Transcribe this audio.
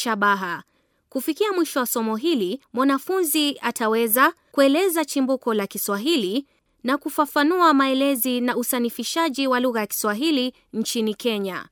shabaha. Kufikia mwisho wa somo hili, mwanafunzi ataweza kueleza chimbuko la Kiswahili na kufafanua maelezi na usanifishaji wa lugha ya Kiswahili nchini Kenya.